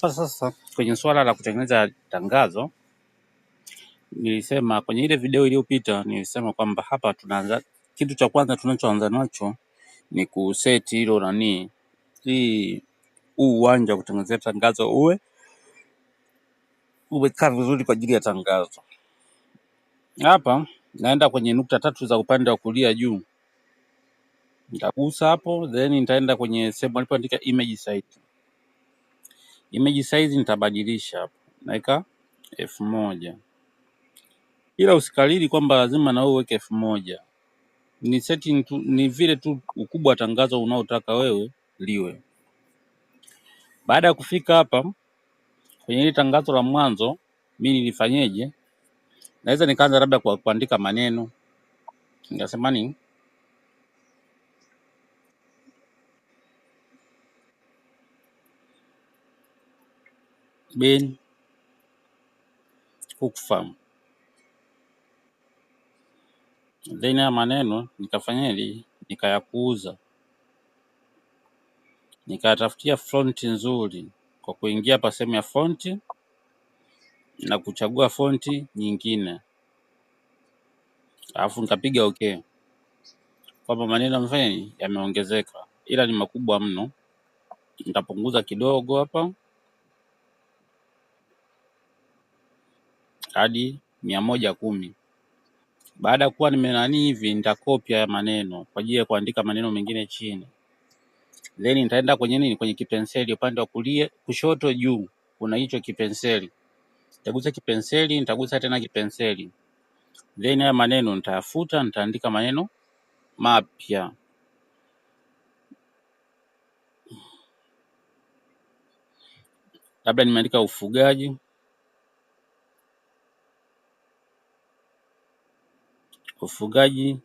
Sasa kwenye swala la kutengeneza tangazo, nilisema kwenye ile video iliyopita, nilisema kwamba hapa tunaanza, kitu cha kwanza tunachoanza nacho ni kuseti hilo nani, hii huu uwanja wa kutengenezea tangazo uwe umekaa vizuri kwa ajili ya tangazo. Hapa naenda kwenye nukta tatu za upande wa kulia juu, nitagusa hapo, then nitaenda kwenye sehemu alipoandika image site Image size nitabadilisha hapo naweka elfu moja, ila usikalili kwamba lazima na wewe uweke elfu moja. Ni setting tu, ni vile tu ukubwa wa tangazo unaotaka wewe liwe. Baada ya kufika hapa kwenye ile tangazo la mwanzo, mimi nilifanyeje? Naweza nikaanza labda kwa kuandika maneno nikasema nini Ben Cook Farm. Then ya maneno nikafanyaje? Nikayakuuza, nikayatafutia fonti nzuri kwa kuingia hapa sehemu ya fonti na kuchagua fonti nyingine, alafu nikapiga okay, kwamba maneno yamefanya yameongezeka, ila ni makubwa mno. Nitapunguza kidogo hapa hadi mia moja kumi. Baada ya kuwa nimenani hivi, nitakopia haya maneno kwa ajili ya kuandika maneno mengine chini, then nitaenda kwenye nini, kwenye kipenseli upande wa kulia kushoto juu, kuna hicho kipenseli, nitagusa kipenseli, nitagusa tena kipenseli, then haya maneno nitayafuta, nitaandika maneno mapya labda nimeandika ufugaji ufugaji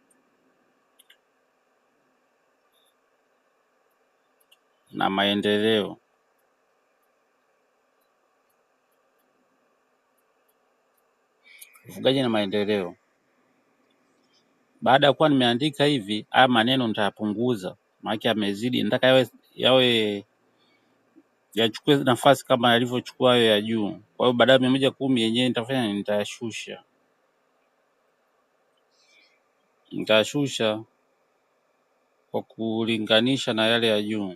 na maendeleo. Ufugaji na maendeleo. Baada ya kuwa nimeandika hivi, haya maneno nitayapunguza, maana yamezidi. Nataka yawe yawe yachukue nafasi kama yalivyochukua hayo ya juu. Kwa hiyo badala ya mia moja kumi yenyewe nitafanya nitayashusha. Nitashusha kwa kulinganisha na yale ya juu.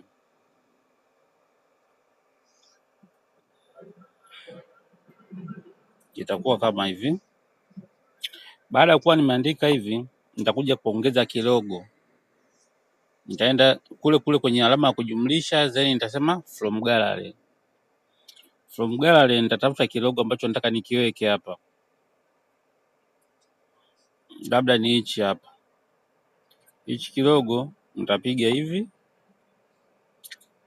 Itakuwa kama hivi. Baada ya kuwa nimeandika hivi, nitakuja kuongeza kilogo. Nitaenda kule kule kwenye alama ya kujumlisha, then nitasema from gallery. From gallery nitatafuta kilogo ambacho nataka nikiweke hapa labda ni hichi hapa, hichi kilogo mtapiga hivi,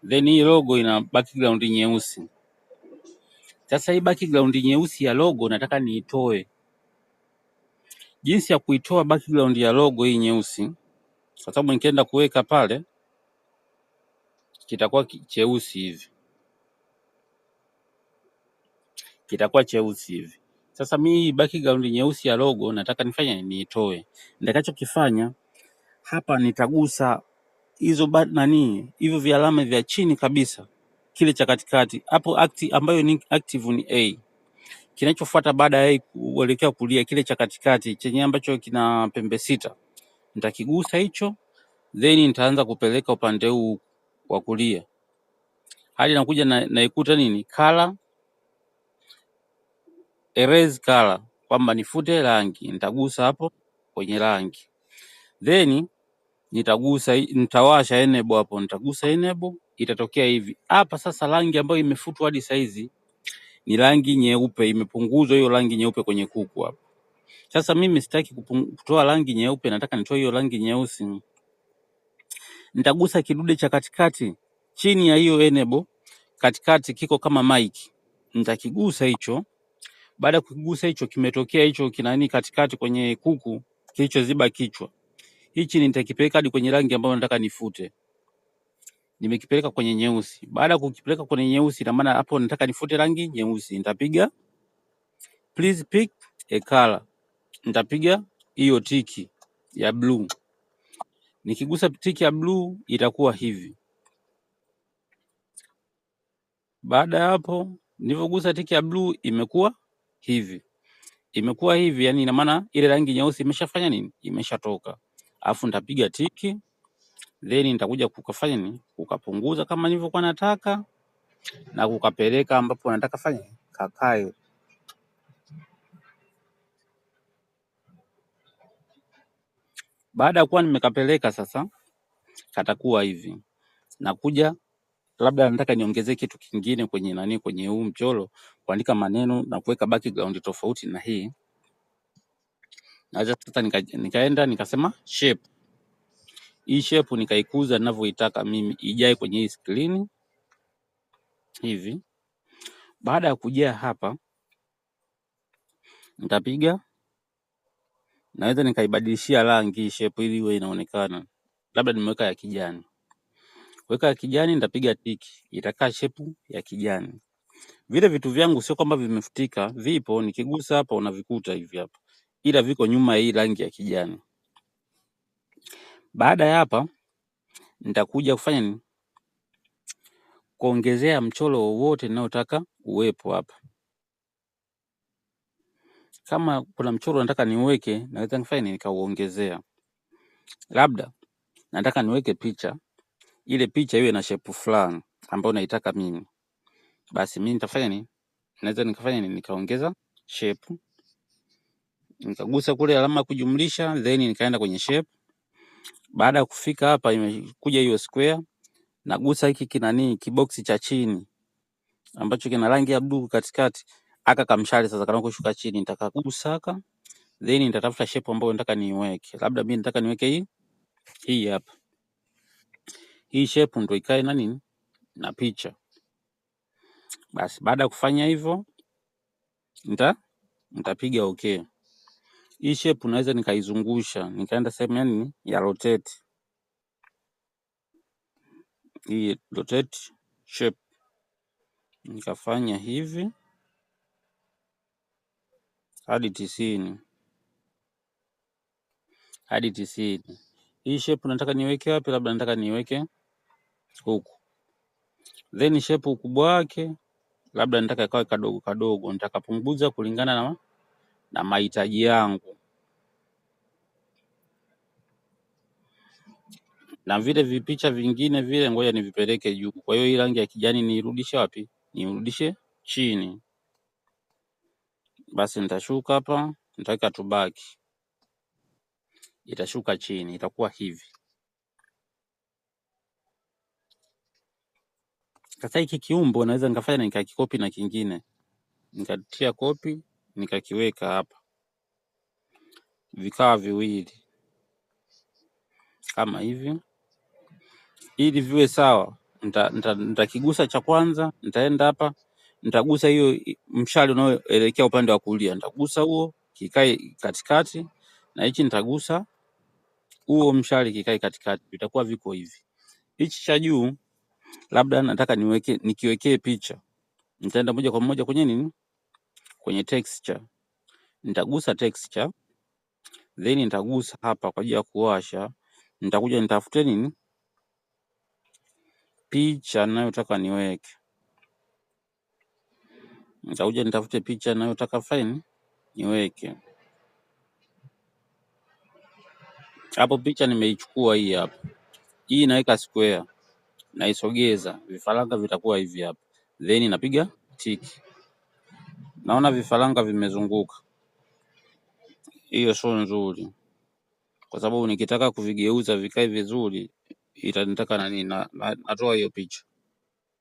then hii logo ina background nyeusi. Sasa hii background nyeusi ya logo nataka niitoe. Jinsi ya kuitoa background ya logo hii nyeusi, kwa sababu nikienda kuweka pale kitakuwa cheusi hivi, kitakuwa cheusi hivi. Sasa mi background nyeusi ya logo nataka nifanye niitoe. Nitakachokifanya hapa nitagusa hizo nani hivyo vialama vya chini kabisa, kile cha katikati hapo, acti ambayo ni active ni A. Kinachofuata baada ya A kuelekea kulia, kile cha katikati chenye ambacho kina pembe sita, nitakigusa hicho, then nitaanza kupeleka upande huu wa kulia hadi nakuja na, naikuta nini color erase color kwamba nifute rangi, nitagusa hapo kwenye rangi then nitagusa, nitawasha enable hapo, nitagusa enable, itatokea hivi hapa. Sasa rangi ambayo imefutwa hadi saizi ni rangi nyeupe, imepunguzwa hiyo rangi nyeupe kwenye kuku hapo. Sasa mimi sitaki kutoa rangi nyeupe, nataka nitoe hiyo rangi nyeusi. Nitagusa kidude cha katikati chini ya hiyo enable, katikati kiko kama mic, nitakigusa hicho baada ya kukigusa hicho kimetokea hicho kinani katikati kwenye kuku kilichoziba kichwa. Hichi nitakipeleka hadi kwenye rangi ambayo nataka nifute. Nimekipeleka kwenye nyeusi. Baada ya kukipeleka kwenye nyeusi, na maana hapo nataka nifute rangi nyeusi, nitapiga please pick a color. Nitapiga hiyo tiki ya blue. Nikigusa tiki ya blue itakuwa hivi. Baada ya hapo nilivyogusa tiki ya blue imekuwa hivi, imekuwa hivi, yani ina maana ile rangi nyeusi imeshafanya nini, imeshatoka. Alafu nitapiga tiki, then nitakuja kukafanya nini, kukapunguza kama nilivyokuwa nataka na kukapeleka ambapo nataka fanya kakae. Baada ya kuwa nimekapeleka sasa, katakuwa hivi, nakuja labda nataka niongezee kitu kingine kwenye nani, kwenye huu mchoro, kuandika maneno na kuweka background tofauti na hii, naweza sasa nika, nikaenda nikasema shape hii shape nikaikuza ninavyoitaka mimi ijae kwenye hii screen hivi. Baada ya kujaa hapa, nitapiga naweza nikaibadilishia rangi shape ili iwe inaonekana, labda nimeweka ya kijani weka ya kijani nitapiga tiki, itakaa shepu ya kijani. Vile vitu vyangu sio kwamba vimefutika, vipo, nikigusa hapa unavikuta hivi hapa, ila viko nyuma hii rangi ya kijani. Baada ya hapa nitakuja kufanya ni Kuongezea mchoro wowote ninaotaka uwepo hapa. Kama kuna mchoro nataka niweke, naweza nifanye nikauongezea. Labda nataka niweke picha ile picha iwe na shape fulani ambayo naitaka mimi, basi mimi nitafanya nini? Naweza nikafanya nini? Nikaongeza shape, nikagusa kule alama kujumlisha, then nikaenda kwenye shape. Baada ya kufika hapa, imekuja hiyo square, nagusa hiki kinani kiboksi cha chini ambacho kina rangi ya blue katikati, aka kamshale sasa kana kushuka chini, nitakagusa aka, then nitatafuta shape ambayo nataka niweke, labda mimi nataka niweke hii hii hapa hii shape ndio ikae na nini na picha. Basi baada ya kufanya hivyo nita nitapiga okay. Hii shape naweza nikaizungusha nikaenda sehemu ya nini ya rotate. Hii rotate shape nikafanya hivi hadi tisini hadi tisini. Hii shape nataka niweke wapi? Labda nataka niweke huku, then shape ukubwa wake labda nitaka ikawa kadogo kadogo, nitakapunguza kulingana na, na mahitaji yangu. Na vile vipicha vingine vile ngoja nivipeleke juu. Kwa hiyo hii rangi ya kijani niirudishe wapi? Niirudishe chini. Basi nitashuka hapa, nitaweka tubaki, itashuka chini, itakuwa hivi. Sasa hiki kiumbo naweza nikafanya na nikakikopi na kingine, nikatia kopi nikakiweka hapa, vikawa viwili kama hivi. Ili viwe sawa, nitakigusa cha kwanza, nitaenda hapa, nitagusa hiyo mshale unaoelekea upande wa kulia, nitagusa huo kikae katikati, na hichi nitagusa huo mshale kikae katikati, vitakuwa viko hivi. Hichi cha juu labda nataka niweke, nikiwekee picha, nitaenda moja kwa moja kwenye nini, kwenye texture. Nitagusa texture, then nitagusa hapa kwa ajili ya kuwasha. Nitakuja nitafute nini picha ninayotaka niweke, nitakuja nitafute picha ninayotaka fine niweke hapo. Picha nimeichukua hii hapa, hii inaweka square naisogeza vifaranga vitakuwa hivi hapa, then napiga tiki. Naona vifaranga vimezunguka, hiyo sio nzuri, kwa sababu nikitaka kuvigeuza vikae vizuri itanitaka nani, na, na, natoa hiyo picha,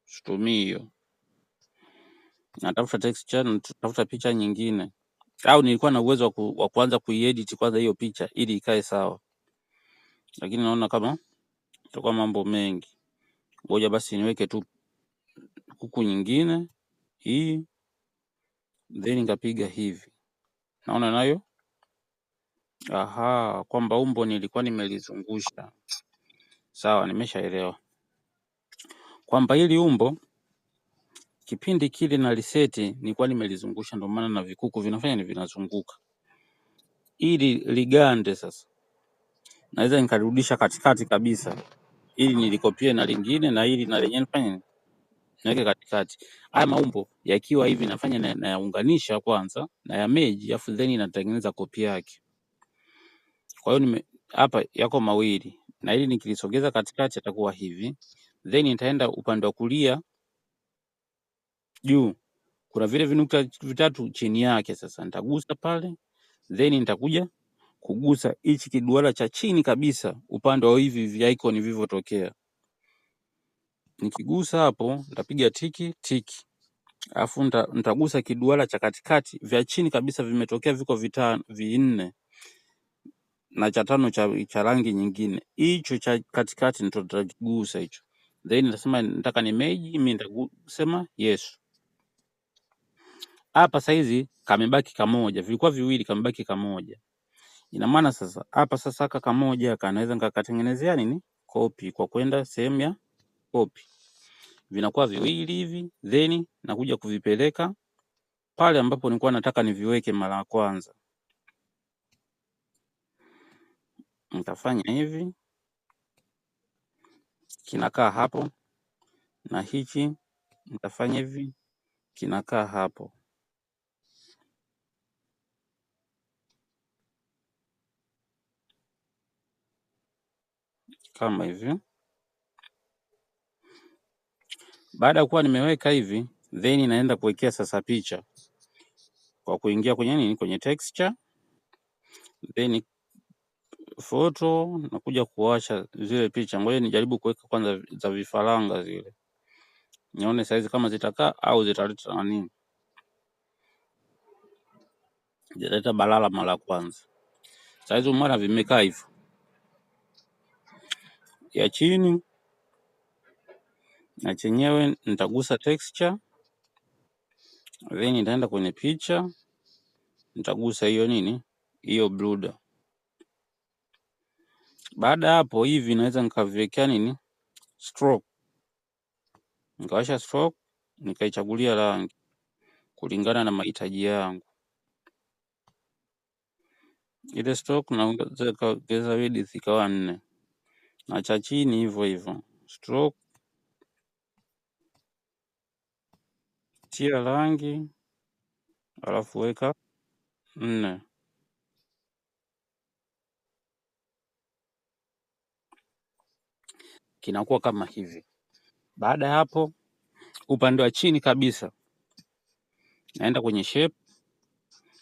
situmii hiyo. Natafuta texture, natafuta picha nyingine, au nilikuwa na uwezo wa kuanza kuiedit kwanza hiyo picha ili ikae sawa, lakini naona kama itakuwa mambo mengi. Ngoja basi niweke tu kuku nyingine hii, then nikapiga hivi, naona nayo aha, kwamba umbo nilikuwa nimelizungusha. Sawa, nimeshaelewa kwamba hili umbo kipindi kile na liseti nilikuwa nimelizungusha, ndio maana na vikuku vinafanya ni vinazunguka ili ligande. Sasa naweza nikarudisha katikati kabisa ili nilikopie na lingine na ili na lenyewe nifanye niweke katikati. Haya maumbo yakiwa hivi nafanya nayaunganisha na kwanza na ya meji afu then natengeneza kopi yake. Kwa hiyo hapa yako mawili na ili nikilisogeza katikati atakuwa hivi, then nitaenda upande wa kulia juu, kuna vile vinukta vitatu chini yake. Sasa nitagusa pale, then nitakuja kugusa hichi kiduara cha chini kabisa upande wa hivi vya icon vilivyotokea. Nikigusa hapo nitapiga tiki tiki, alafu nitagusa kiduara cha katikati, vya chini kabisa vimetokea, viko vitano vinne na cha tano cha, cha rangi nyingine. Hicho cha katikati ndio hicho, then nitasema nataka ni meji, mimi nitasema yes. Hapa saizi kamebaki kamoja, vilikuwa viwili, kamebaki kamoja. Ina maana sasa hapa sasa aka kamoja aka naweza nikatengenezea nini copy kwa kwenda sehemu ya copy, vinakuwa viwili hivi, then nakuja kuvipeleka pale ambapo nilikuwa nataka niviweke mara ya kwanza. Nitafanya hivi, kinakaa hapo, na hichi nitafanya hivi, kinakaa hapo. kama hivi. Baada ya kuwa nimeweka hivi, then naenda kuwekea sasa picha kwa kuingia kwenye nini, kwenye texture, then photo, nakuja kuwasha zile picha. Ngoja nijaribu kuweka kwanza za vifaranga zile, nione saizi kama zitakaa au zitaleta nani, zitaleta balala mara kwanza. Saizi umeona vimekaa hivyo ya chini na chenyewe nitagusa texture, then nitaenda kwenye picha, nitagusa hiyo nini, hiyo bluda. Baada ya hapo hivi naweza nikaviwekea nini, stroke, nikawasha stroke, nikaichagulia rangi kulingana na mahitaji yangu. Ile stroke naongeza width ikawa nne na cha chini hivyo hivyo. Stroke, tia rangi, alafu weka nne. Kinakuwa kama hivi. Baada ya hapo, upande wa chini kabisa naenda kwenye shape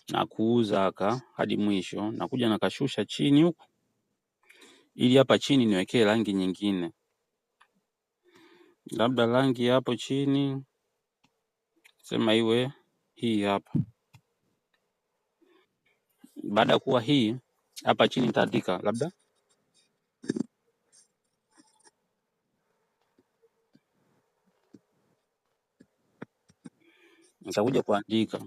na kuuza aka hadi mwisho, nakuja nakashusha chini huku ili hapa chini niwekee rangi nyingine, labda rangi hapo chini sema iwe hii hapa. Baada ya kuwa hii hapa chini nitaandika labda nitakuja kuandika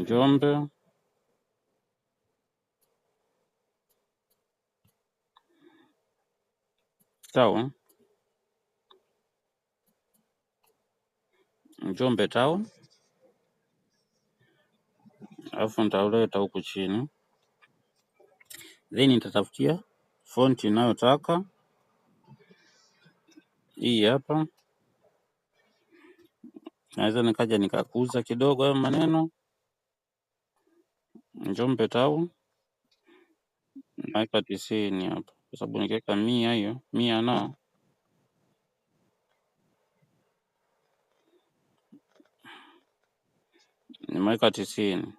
Njombe, tau Njombe town, alafu nitauleta huku chini, then nitatafutia fonti inayotaka hii hapa. Naweza nikaja nikakuza kidogo hayo maneno Njombe tau naweka tisini hapa, kwa sababu nikiweka mia hiyo mia na nimeweka tisini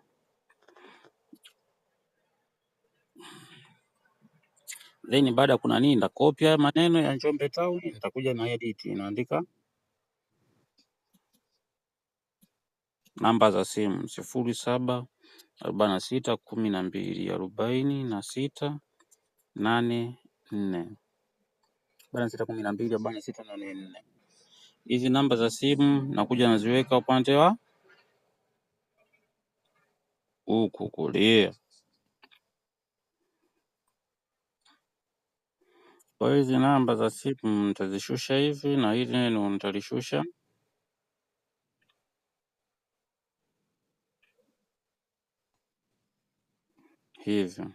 then baada ya kuna nini, nitakopia maneno ya Njombe tau nitakuja na edit, naandika namba za simu sifuri saba arobaini na sita kumi na mbili arobaini na sita nane nne arobaini na sita kumi na mbili arobaini na sita nane nne. Hizi namba za simu nakuja naziweka upande wa huku kulia. Kwa hizi namba za simu nitazishusha hivi na hili neno nitalishusha hivyo.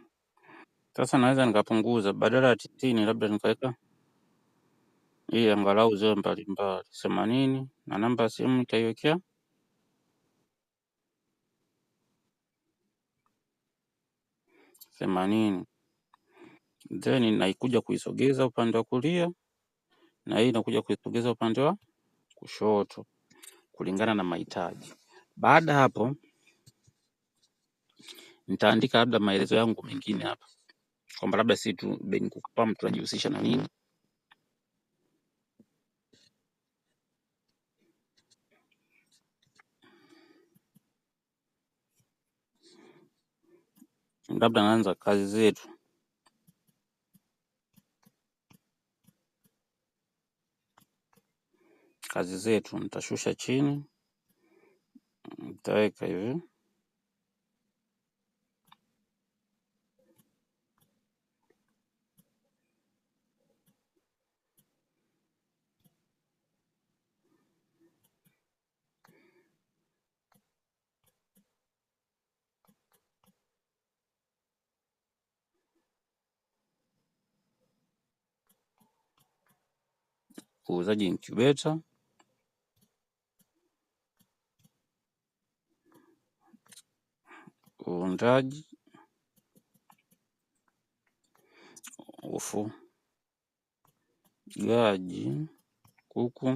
Sasa naweza nikapunguza badala ya tisini labda nikaweka hii angalau ziwe mbalimbali themanini na namba ya simu nitaiwekea themanini then naikuja kuisogeza upande wa kulia na hii inakuja kuisogeza upande wa kushoto kulingana na mahitaji. Baada hapo Nitaandika labda maelezo yangu mengine hapa kwamba labda si tu Benkuku tunajihusisha na nini. Labda naanza kazi zetu. Kazi zetu nitashusha chini, nitaweka hivi uuzaji incubator uundaji ufugaji kuku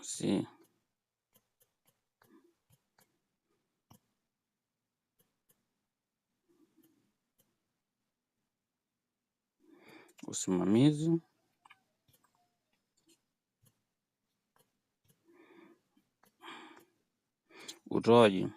usi usimamizi utoaji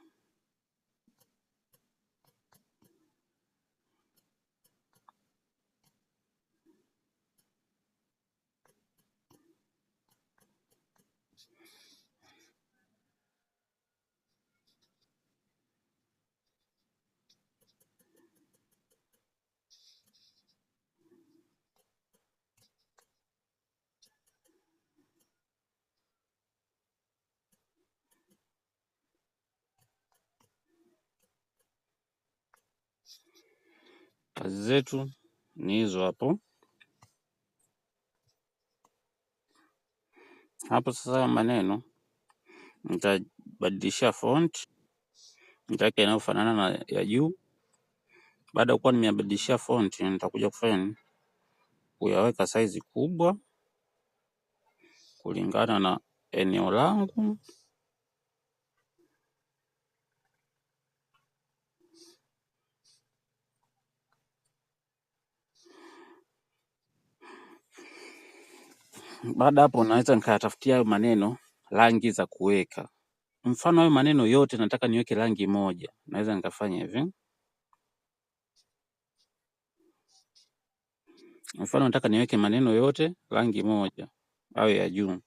Kazi zetu ni hizo hapo. Hapo sasa maneno nitabadilisha font nitaweka inayofanana na ya juu. Baada ya kuwa nimeyabadilishia font, nitakuja kufanya kuyaweka saizi kubwa kulingana na eneo langu. Baada hapo naweza nikayatafutia hayo maneno rangi za kuweka. Mfano hayo maneno yote nataka niweke rangi moja, naweza nikafanya hivi. Mfano nataka niweke maneno yote rangi moja au ya juu,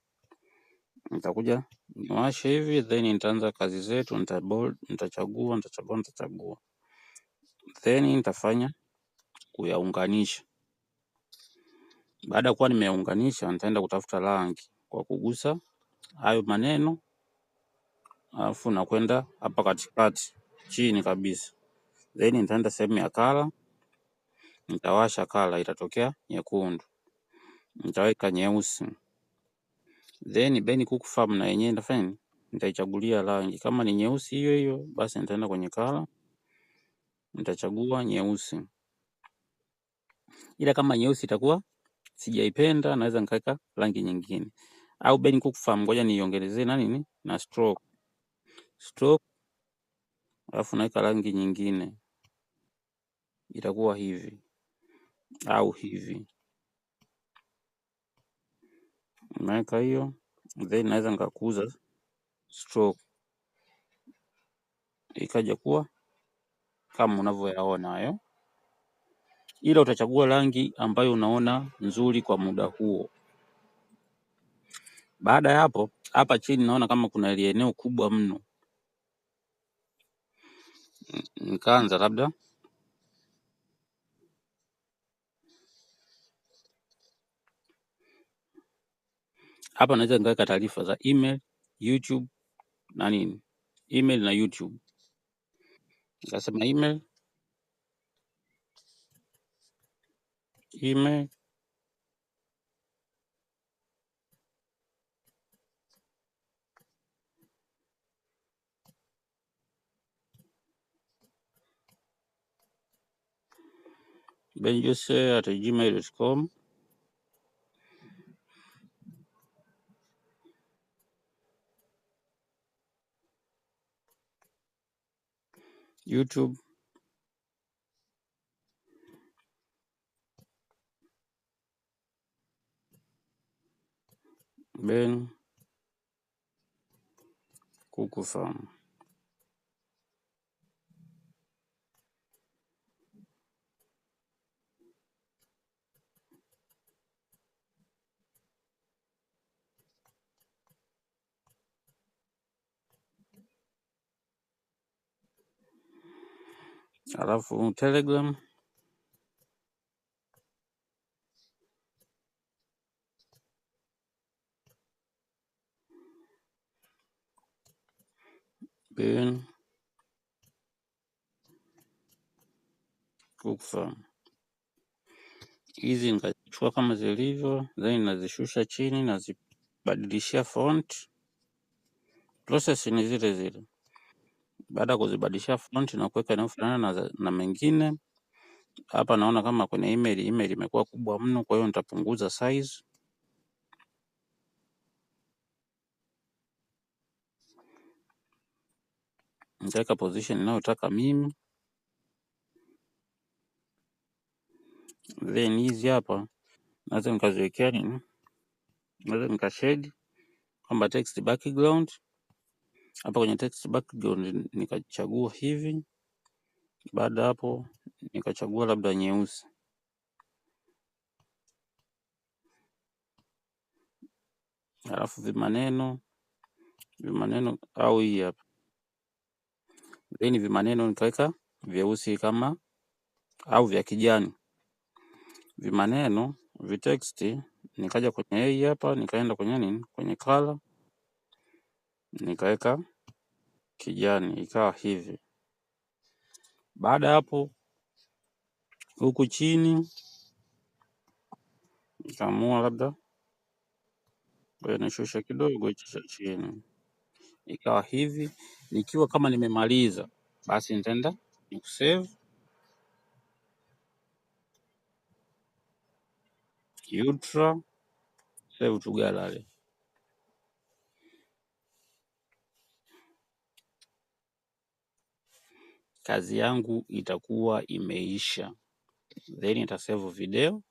nitakuja niwashe hivi, then nitaanza kazi zetu, nitabold, nitachagua, nitachagua, nitachagua, then nitafanya kuyaunganisha. Baada ya kuwa nimeunganisha, nitaenda kutafuta rangi kwa kugusa hayo maneno, alafu nakwenda hapa katikati chini kabisa, then nitaenda sehemu ya kala, nitawasha kala, itatokea nyekundu, nitaweka nyeusi, then Beni Kuku Farm na yenyewe ndafanya Nitaichagulia rangi, kama ni nyeusi hiyo hiyo, basi nitaenda kwenye kala, nitachagua nyeusi, ila kama nyeusi itakuwa sijaipenda naweza nikaweka rangi nyingine. Au Ben Cook Farm ngoja niongezee na nini? Na stroke. Stroke alafu naweka rangi nyingine. Itakuwa hivi. Au hivi. Naweka hiyo then naweza nikakuza stroke ikaja kuwa kama unavyoyaona hayo ila utachagua rangi ambayo unaona nzuri kwa muda huo. Baada ya hapo, hapa chini naona kama kuna eneo kubwa mno, nikaanza labda hapa naweza nikaweka taarifa za email, YouTube na nini, email na YouTube. Nikasema email email benjuse at gmail.com YouTube bem Cuco Farm. Alafu Telegram Böen, kupfa. Hizi nitachukua kama zilivyo, then nazishusha chini, nazibadilishia font. Process ni zile zile. Baada ya kuzibadilishia font na kuweka inayofanana na, na mengine hapa naona kama kwenye email, email imekuwa kubwa mno, kwa hiyo nitapunguza size nitaweka position inayotaka mimi. Then hizi hapa naweza nikaziwekea nini, naweza nikashade kwamba text background hapa kwenye text background nikachagua hivi. Baada hapo nikachagua labda nyeusi, halafu vimaneno vimaneno au hii hapa Then yaani vimaneno nikaweka vyeusi kama au vya kijani. Vimaneno viteksti nikaja kwenye hii hapa, nikaenda kwenye nini, kwenye color nikaweka kijani, ikawa hivi. Baada ya hapo, huku chini nikaamua labda nishushe kidogo, cha chini ikawa hivi. Nikiwa kama nimemaliza, basi nitaenda nikusave Ultra, save to gallery. Kazi yangu itakuwa imeisha, then itasave video